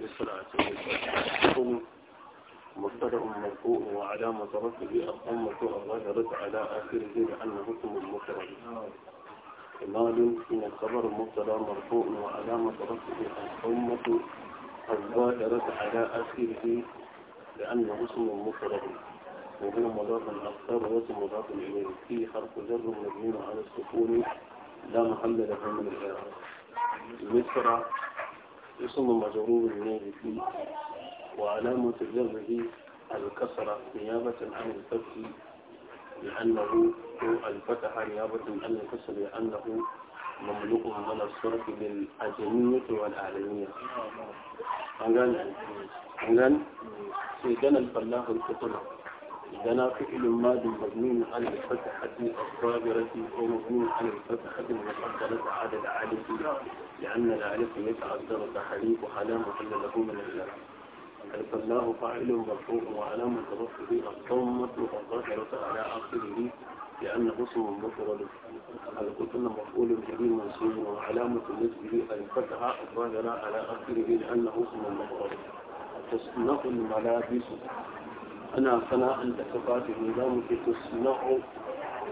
بالصلاة والسلام مصدر مرفوع وعلامة رفعه الأمة الظاهرة على آخره لأنه اسم المفرد مال من الخبر مبتدا مرفوع وعلامة رفعه الأمة الظاهرة على آخره لأنه اسم مفرد وهو مضاف أكثر واسم مضاف إليه فيه حرف جر مبني على السكون لا محل له من الإعراب مصر يصم مجرور بنيه فيه وعلامة جره الكسرة نيابة عن الفتح لأنه هو الفتح نيابة عن الكسر لأنه مملوك من الصرف للأجمية والأعلمية أنجان أنجان سيدنا الفلاح الكتب دنا فعل ماد مبني على الفتحة الصابرة مبني على الفتحة المقدرة على العالف لأن العالف يتعذر تحريف على محل له من الله الفلاه فاعل مرفوع وعلامة رفعه الضمة الظاهرة على آخره لأنه اسم مفرد القتل مفعول به منصوب وعلامة نسبه الفتحة الظاهرة على آخره لأنه اسم مفرد تصنف الملابس أنا أنا عند تكفات النظام في تصنع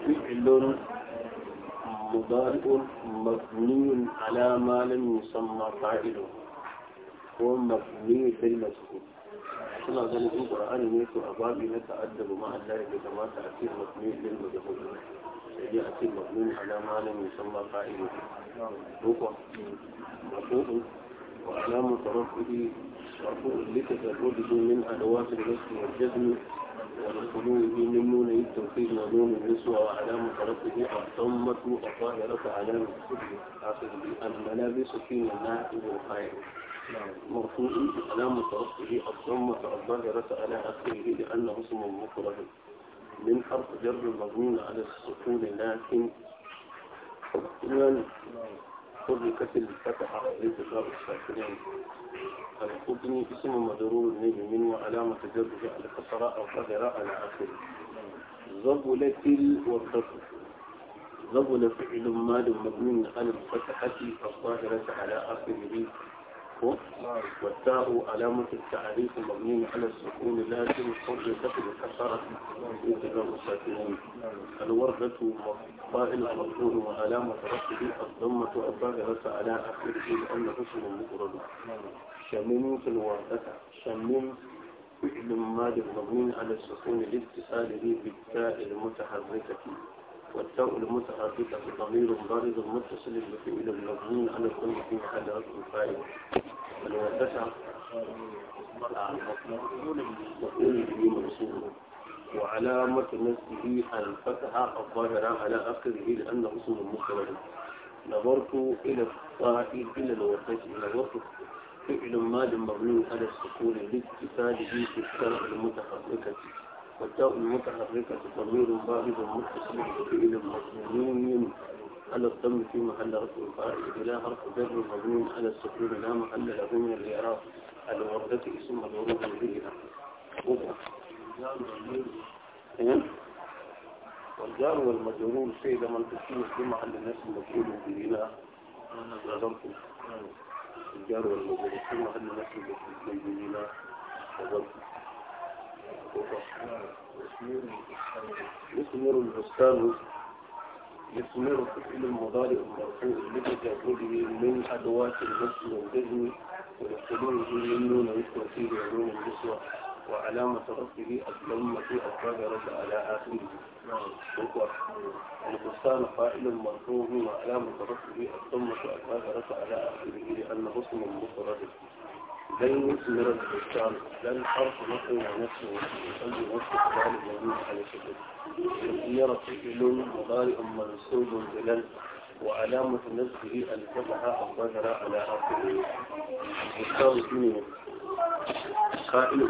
فعل مضارع مبني على ما لم يسمى فاعله هو مبني في بالمسكون كما قال يكون القرآن يميت أبابي يتأدب مع الله بما تأتيه مبني في للمجهول يعني يأتي مبني على ما لم يسمى فاعله هو مفهوم وعلى متركه لتدرجه من أدوات الرزق والجزم والخلو من نون التوحيد ونون النسوة وعلام خلقه الضمة الظاهرة علام الملابس في الناحية الخير مرفوع علام خلقه الضمة الظاهرة على آخره لأنه اسم مفرد من حرف جر المضمون على السكون لكن كل كسل فتح لانتشار الساكنين القدني اسم مجرور النجم منه علامة جرده على قصراء أو قدراء على آخره زبلة والكسر زبل فعل مال مبني على الفتحة الظاهرة على آخره والتاء علامة التعريف المبني على السكون لكن حرفت بكسرة مثل الساكنين الوردة فاعل مرفوع وعلامة رفعه الضمة الظاهرة على آخره لأنه اسم مفرد شمم في الوردة شمم فعل ماضي مبني على السكون لاتصاله بالتاء المتحركة والتاء المتعاطفة ضمير بارز متصل بفعل مبني على كل في محل رفع فاعل ولو تسع مقول به مرسوله وعلامة نسبه الفتحة الظاهرة على آخره لأنه اسم مفرد نظرت إلى الطائر إلى الوقت الوقت فعل ماد مبني على السكون لاتفاده في الشرع المتحركة والتاء المتحركة ضمير بارد متصل إلى مضمون على الضم في محل رفع فاعل إلى حرف جر مضمون على السكون لا محل له من الإعراب على وردة اسم مضمون فيها إيه؟ والجار والمجرور سيد منطقي في محل الناس المفعول به لا الجار والمجرور في محل الناس المفعول به لا يثمر البستان يثمر فعل المضارع المرفوع لتجرده من أدوات النسل والجزم ودخوله من دون يثمر فيه علوم النسوة وعلامة رفضه الضمة الظاهرة على آخره البستان فاعل مرفوع وعلامة رفضه الضمة الظاهرة على آخره لأنه اسم مفرد لن يثمر الإنسان لن حرف نقل عن نفسه ويصلي وفق ذلك النبي عليه السلام فإن فعل مضارع منصوب بلن وعلامة نفسه أن فتح أو على آخره مستوى الدنيا قائل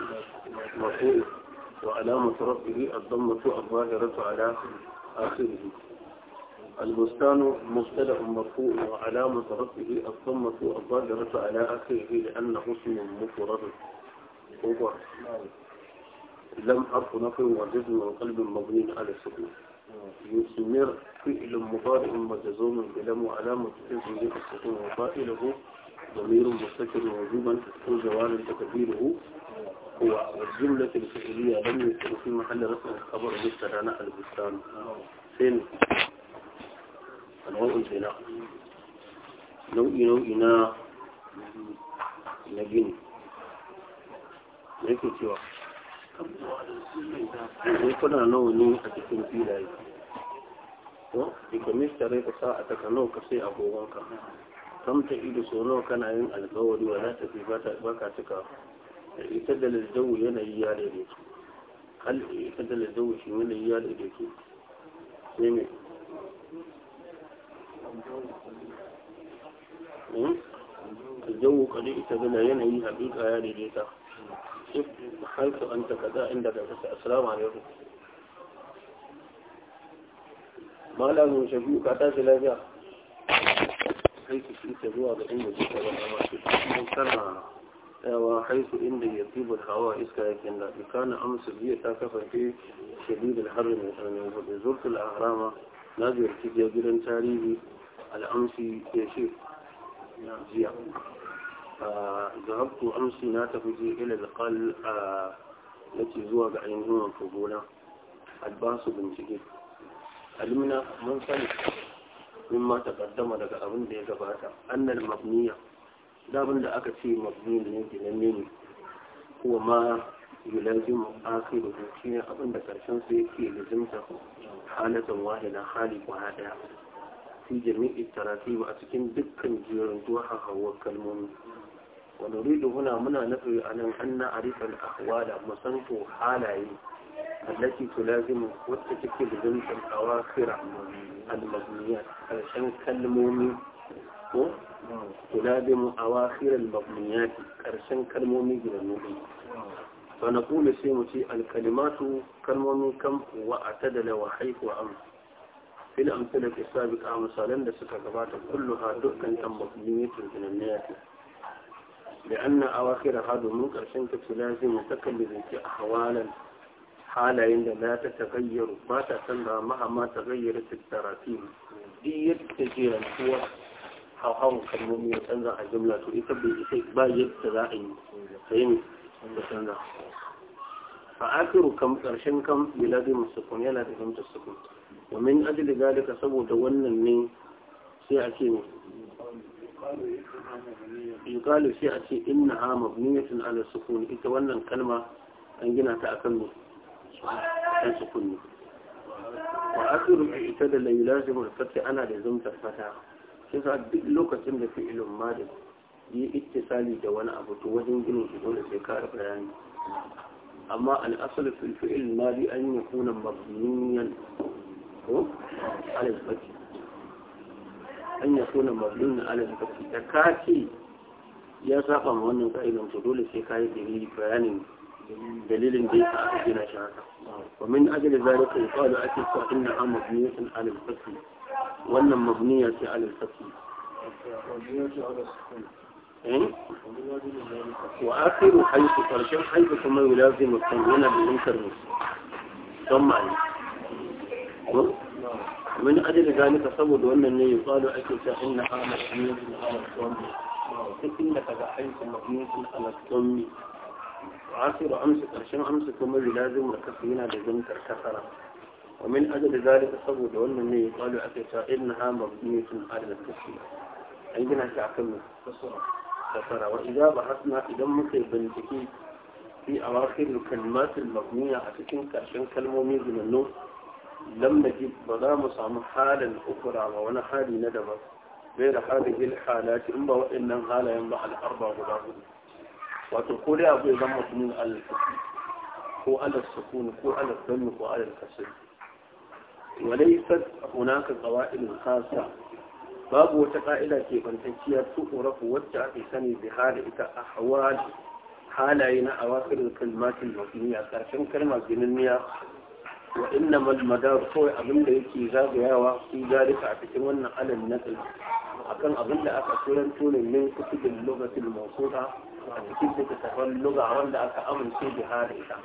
مرفوع وعلامة ربه الضمة الظاهرة على آخره البستان مبتدا مرفوع وعلامة رفعه الضمة الظاهرة على آخره لأنه اسم مفرد هو لم حرف نفي وجزم وقلب مبني على السكون يسمر فعل مضارع مجزوم بلم وعلامة اسمه السكون وفائله ضمير مستكر وجوبا وزوال تكبيره هو والجملة الفعلية لم يكن في محل رفع الخبر مثل البستان فين nau'in kenan nau'i nau'i na na gini yake cewa sai kuna nawa ne a cikin filaye to ikomis tare ka sa a taka nawa ka sai agogonka kamta ido so nawa kana yin alkawari wa za ta fi ba ka cika ita da lalzawu yanayi ya daidaitu hal ita da lalzawu shi yanayi ya daidaitu sai mai Hmm? الجو قد اتبنى ينهي هبيك آيالي ليتا شف حيث أنت كذا عندك السلام عليكم ما لا من شبيك أتاك لا جاء حيث كنت جوا بإنه جيتا والأماشي وحيث إن يطيب الهواء إسكا يكن كان أمس بي أتاكف في شديد الحر من زرت الأهرام نادر كي يجرن تاريخي على أمس يا شيخ نعم. ذهبت أمس ناتفجي إلى القل آه، التي زوى بعينه وفضولا الباص بن جديد علمنا من سنة مما تقدم لك أبن دي قباتا أن المبنية دابن لأك في مبني لنجنين هو ما يلازم آخر شيء أبن دكرشان سيكي لزمته حالة واحدة خالق وهذا في جميع التراتيب دكا جيران دوحها وكالمون ونريد هنا منا نفي أن نعرف الأحوال مصنف حالي التي تلازم وتتكي بذنب الأواخر المبنيات علشان كلمومي تلازم أواخر المبنيات علشان كلمومي جنوبي فنقول سيمتي الكلمات كلمومي كم واعتدل وحيث وأمس fil amsalati sabiqa misalan da suka gabata kulluha dukkan tambabiyyin tunanniya ce لأن أواخر هذا المنكر شنكت لازم تكلم في أحوالا حالا إن لا تتغير ما تتنبع مهما تغيرت التراتيب دي يتجير القوة أو أو كالمومي وتنزع الجملة يتبع شيء با يتزعين فهم وتنزع فآخر كم قرشن كم بلازم السكون يلا بهم السكون wa min ajli zalika saboda wannan ne sai a ce yuqalu sai a ce innaha mabniyatun ala sukun ita wannan kalma an gina ta akan ne kan sukun ne wa akhiru ita da la yulazimu al-fath ana da zumta fata sai sa lokacin da fi'ilun madin yi ittisali da wani abu to wajen ginin shi dole sai ka bayani amma al-asl fil fi'il madi an yakuna mabniyan alal fati an suna da ka ce ya saba ma wannan ka'idan to dole sai ka yi bayanin aka gina shi haka وآخر حيث حيث يلازم التنوين ثم ومن أجل ذلك صبر وأن قال أكيد إن على الحميد على الصم إنك بحيث مقنوط على الصم عاصر أمسك عشان أمسك كما لازم ركفينا لزمت الكفره ومن أجل ذلك صبر وأن قال أكيد إنها مقنوط على الكسر عندنا تعكمل كفره وإذا بحثنا إذا ممكن بنتكي في أواخر الكلمات المبنية على عشان كلمة من النور لم نجد مدام مصام حالا أخرى وانا حالي ندبا غير هذه الحالات إما وإن حالا ينبع الأربع غلاب وتقول يا أبي ضمة من الفتح هو على السكون هو على الظلم هو على الكسر وليست هناك قوائل خاصة باب وتقائلة كيف تنتهي وجع في سني بحال أحوال حالين أواخر الكلمات المبنية كلمة جنونية wa inna mal kawai abin da yake zagayawa sun zalika a cikin wannan alal nakal akan abin da aka turanto ne min kutubin lugatil mawsuta a cikin littattafan luga wanda aka amince da hada ita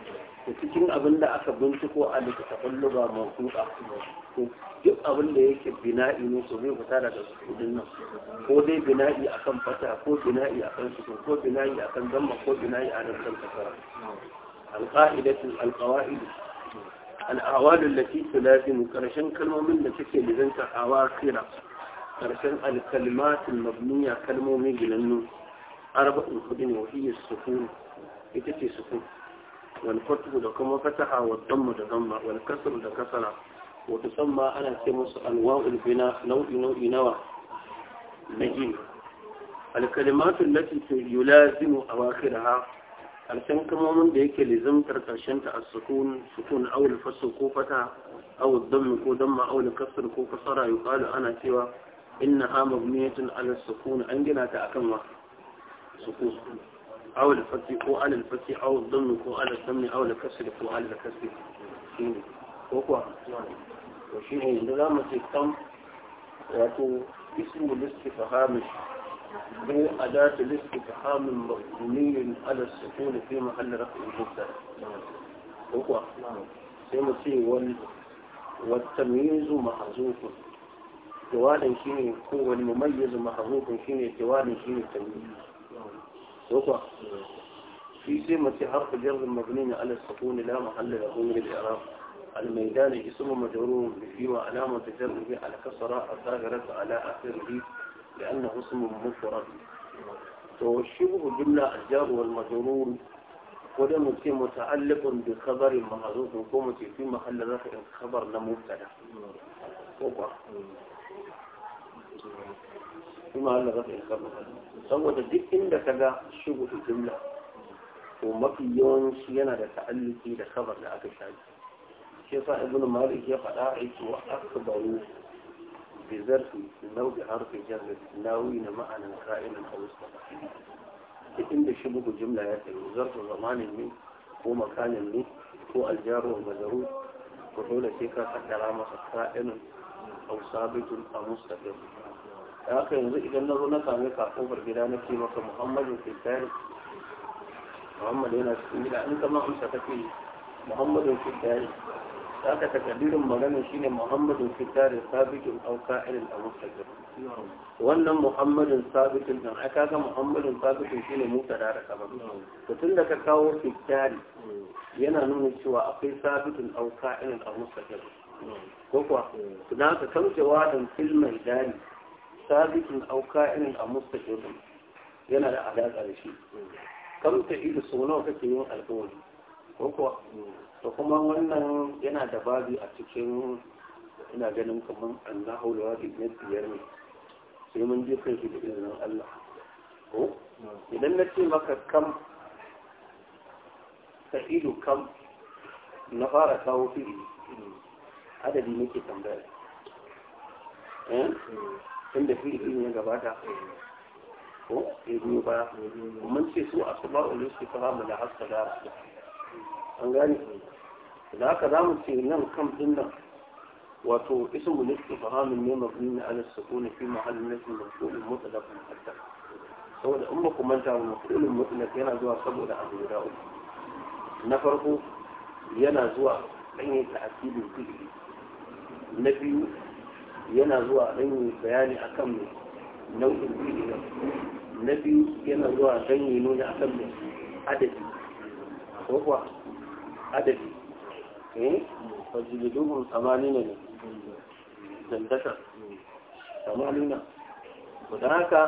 da cikin abin da aka binciko a littattafan luga mawsuta to duk abin da yake bina'i ne to zai fita daga sukudin nan ko dai bina'i akan fata ko bina'i akan sukun ko bina'i akan zamba ko bina'i akan kasara القاعدة القواعد الأعوال التي تلازم كرشن كلمة من نتكي لذنك أواخرة كرشن الكلمات المبنية كلمة من جلنو أربع الخدن وهي السكون يتكي سكون والفتح لكم فتح والضم لضم والكسر لكسر وتسمى أنا تمس أنواع البناء نوع نوع نوع نجيم الكلمات التي يلازم أواخرها ƙarshen kalmomin da yake lizimtar ƙarshen ta as-sukun sukun aw al-fasl ko fata aw ad-damm ko damma aw al-kasr ko kasara yuqalu ana cewa innaha mabniyatun ala as-sukun an gina ta akan wa sukun aw al-fath ko ala al-fath aw ad-damm ko ala ad-damm aw al-kasr ko ala al-kasr ko kuwa to shi ne da zamu ce kam wato ismu listifhamish وهي أداة الاستفهام المبني على السكون في محل رفع المبتدا هو سيما سي وال والتمييز محظوظ جوال شيء هو المميز محظوظ شيني جوال شيني تمييز هو في سيما حرف جر مبني على السكون لا محل له من الإعراب الميدان اسم مجرور في علامة جره على كسرة الظاهرة على آخره لأنه اسم مفرد توشبه جملة الجار والمجرور ولم يكن متعلق بخبر محذوف كومتي في محل رفع خبر لمبتدا في محل رفع خبر سوى تدك عندك ذا شبه جملة وما في يوم شينا لتعلق تعلقي ده خبر لأكشاج شيخ ابن مالك يقول أعيش آه، وأكبر بزرف لو بحرف جر لاوين معنى قائما او استقر إن شبك الجملة يا سيدي ظرف زمان من هو مكان من هو الجار والمجرور فحول شيكا حتى علامة قائم أو ثابت أو مستقر يا أخي انظر إذا نظرنا كان يقع كفر بلانا في مكة محمد في الثالث محمد هنا في الثالث أنت ما أمسك فيه محمد في الثالث da aka takaddirin magana shine muhammadin fitari sabitin auka irin a mustaƙir wannan muhammadin sabitin don aka ga muhammadin sabitin shine Musa da raka ba to tun da ka kawo fitari yana nuna cewa akwai sabitin auka irin a mustaƙir ko kuwa suna ka kaucewa don filmin dani sabitin auka irin a mustaƙir yana da alaƙa da shi kamta ido sau nawa kake yin alƙawari ko to kuma wannan yana da babi a cikin ina ganin kamar Allah da wadi na biyar ne sai mun je kai da izinin allah ko idan na ce maka kam ta ido kam na fara kawo fili adadi nake tambaya eh? da fili ne gabata ko ya biyo ba mun ce su a kuma ulusi fara mu da haska an gane da haka za mu ce nan kan din nan wato ismu listifahamin ne ne ala sukuni fi mahallin motsa mafulin mutlaq hatta saboda in ku manta wa mafulin mutlaq yana zuwa saboda abu guda uku na farko yana zuwa ɗanye ta asibin fi'ili na biyu yana zuwa ɗanye bayani akan mai nau'in nan, na biyu yana zuwa ɗanye nuna akan mai adadi ko kuwa adadi eh fajiliduhum samani ne dandaka samanina da haka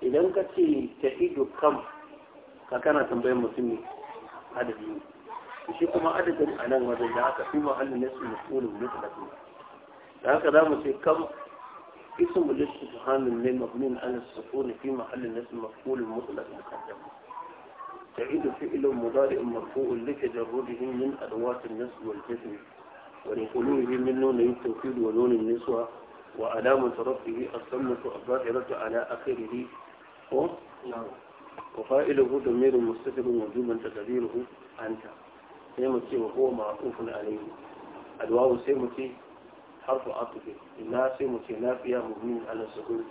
idan ka ce ta ido kam ka kana tambayar mutum ne adadi ne shi kuma adadin a nan wajen da aka fi mahallin na su masulun ne talatin da haka za mu ce kam اسم الاستفهام من مبني على السكون في محل الناس مفعول مطلق مقدم تعيد فعل مضارع مرفوع لتجرده من أدوات النسب والجزم ولقلوه من نون التوكيد ونون النسوة وعلامة رفعه الصمة الظاهرة على آخره وفائله ضمير مستتر وجوبا تقديره أنت سيمتي وهو معطوف عليه الواو سيمتي حرف عطف لا سيمتي نافية مبني على السكون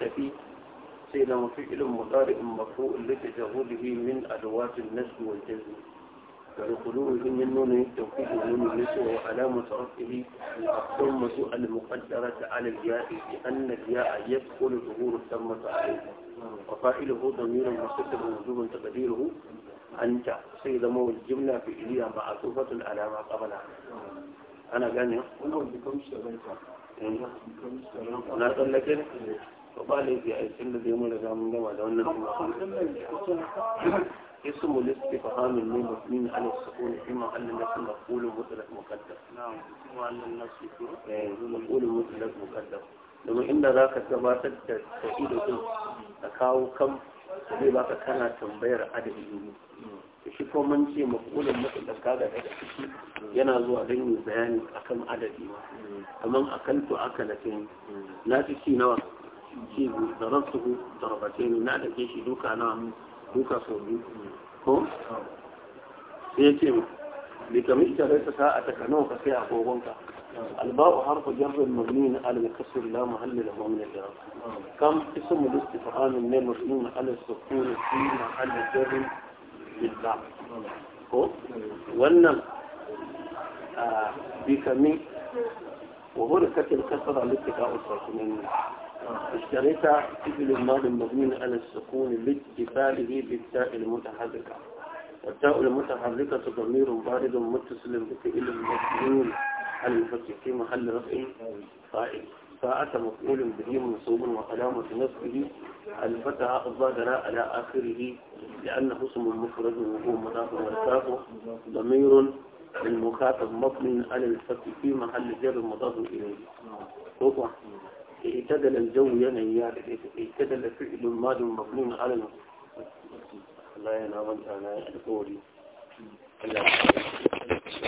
تفي سيلا وفعل مضارع مرفوع لتجاهله من أدوات النسب والجزم ولخلوه من نون التوكيد ونون النسب وعلامة رفعه الثمة المقدرة على الياء لأن الياء يدخل ظهور الثمة عليه وقائله ضمير مستتر وجوب تقديره أنت سيدا مو الجملة في إليا مع على العلامة قبلها أنا قال لي أنا إيه. قال لك إيه؟ to ba laifi a cikin da zai mura zamun gama da wannan اسم الاستفهام من مبني على السكون في محل نفس مفعول مطلق مقدم نعم وعلى النفس مفعول مطلق مقدم domin inda za ka gabatar da sa'ido din a kawo kam zai baka kana tambayar adadin ne da shi ko mun ce makulin matsalar kaga daga ciki yana zuwa don yi bayani akan adadi amma akan to aka na na nawa shi darabtuhu darabatain na da ke shi duka na duka so biyu ko sai ce mu bi kamar ita rai ta a takanau ka sai agogonka الباء حرف جر مبني على الكسر لا محل له من الجر كم اسم الاستفهام من مبني على السكون في محل جر بالباء ko wannan bikami wa hurkatil kasra litika usratun اشتريت فعل الماضي المبني على السكون لاتفاله بالتاء المتحركة والتاء المتحركة ضمير بارد متصل بفعل مبني على الفتح في محل رفع فاعل فأتى مفعول به منصوب وعلامة نصبه الفتح الظاهرة على آخره لأنه اسم مفرد وهو مضاف مرتاح ضمير المخاطب مبني على الفتح في محل جر مضاف إليه. اعتدل الجو ينهي اعتدل فعل ماض مبني على لا ينام أنا قولي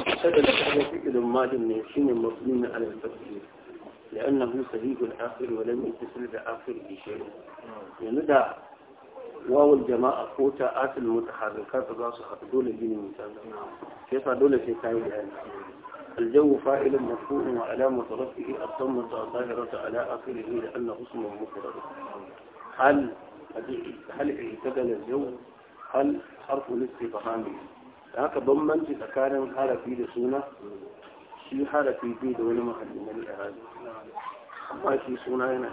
اعتدل فعل ماض نسين مبني على التقدير لأنه صديق الآخر ولم يتصل بآخر بشيء يندى واو الجماعة قوتا آت المتحركات الراسخة دولة جيني متابعة كيف دولة في كاين الجو فائل مفتوح وألام طرفه الضم الظاهرة على آخره لأن غصمه مفرد هل هل اعتدل الجو هل حرف الاستفهام هناك ضم انت فكان هذا في لسونة في حالة في بيد ولما حد من الإعادة ما في سونة هنا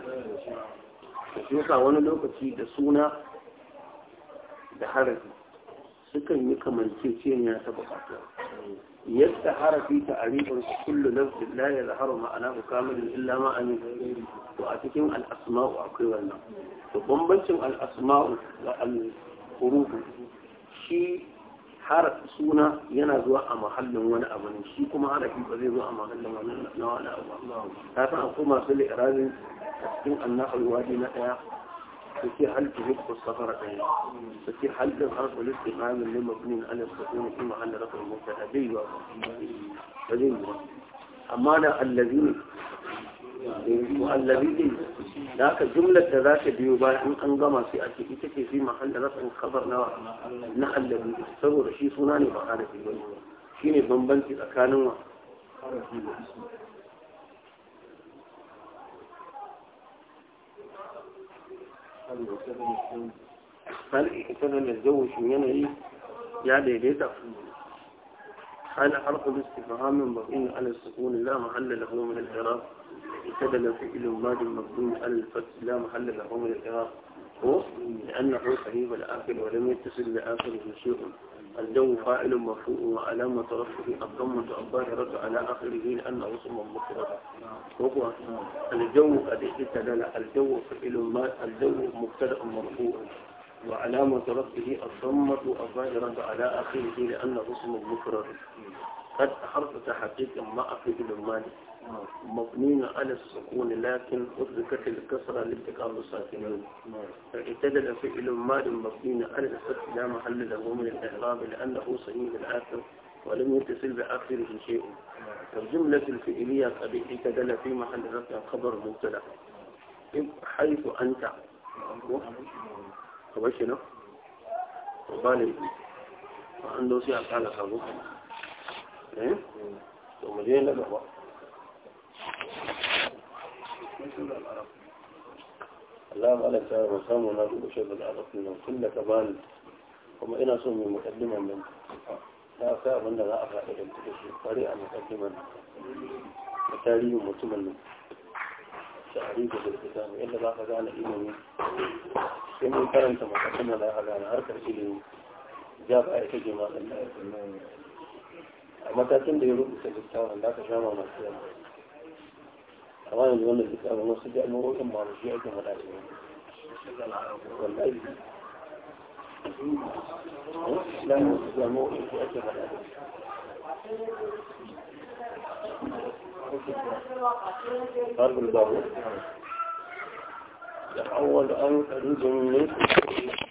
شي حالة وانا لو كتشي دسونة بحركة سكن يكمل تيتين يا سبقاتها Yadda yastahara fi ta'arifin kullu nafsin la yadhharu ma'ana kamil illa ma an to a cikin al asma'u akwai wannan to bambancin al asma'u da al shi har suna yana zuwa a mahallin wani abu ne shi kuma harafi ba zai zo a mahallin wani na wani abu ta san akwai masu li'irazin a cikin annahu wadi na ɗaya. ففي هل يبقى السفر أيضا ففي هل الحرف والاستفهام اللي مبنين على السكون في محل رفع المبتدا بيوا بيوا أما أنا الذين والذين ذاك جملة ذاك بيوا إن أنظم في أتي إتكي في محل رفع الخبر نوع نحل الذي استور شيء صناني بحالة الوجه شيني بمبنتي أكانوا هل اتنا يتزوج من ايه يعني ليه تأخذ هل حرق الاستفهام من مبين على السكون لا محل له من الإعراب في فعل ماد مبني على الفتح لا محل له من الإعراب هو لأن لأنه قريب الآخر ولم يتصل لآخر شيء الجو فاعل مرفوع وعلامة رفعه الضمة الظاهرة على آخره لأن رسم مفرد وهو الجو قد استدل الجو فعل ما الجو مبتدأ مرفوع وعلامة رفعه الضمة الظاهرة على آخره لأن رسم مفرد قد حرف تحقيق ما أفيد من المال مبني على السكون لكن أدركت الكسرة لابتكار الساكنين فاعتدل فعل مال مبني على الفتح لا محل له من الإعراب لأنه صحيح الآخر ولم يتصل بآخره شيء الجملة الفعلية قد اعتدل في محل رفع خبر مبتدأ حيث أنت وبشنا وبالي وعنده لو على لك ايه امال ايه لا بقى لا ما لك رسام ولا شيء بالعرب من كل كمان هم انا إيه سمي مقدما من لا كان من لا افا الى طريقه مقدما تاريخ متمن تعريف الالتزام الا لا خزانه ايماني كم كان انت مقدما لا خزانه هركه الى جاب ايه جمال الله matakin da ya rubuta littafin da aka sha mamaki yana amma yanzu wannan littafin wasu da al'ummomin ba mu shi ake madashi ne wallahi dan wasu da al'ummomin shi ake madashi أن أريد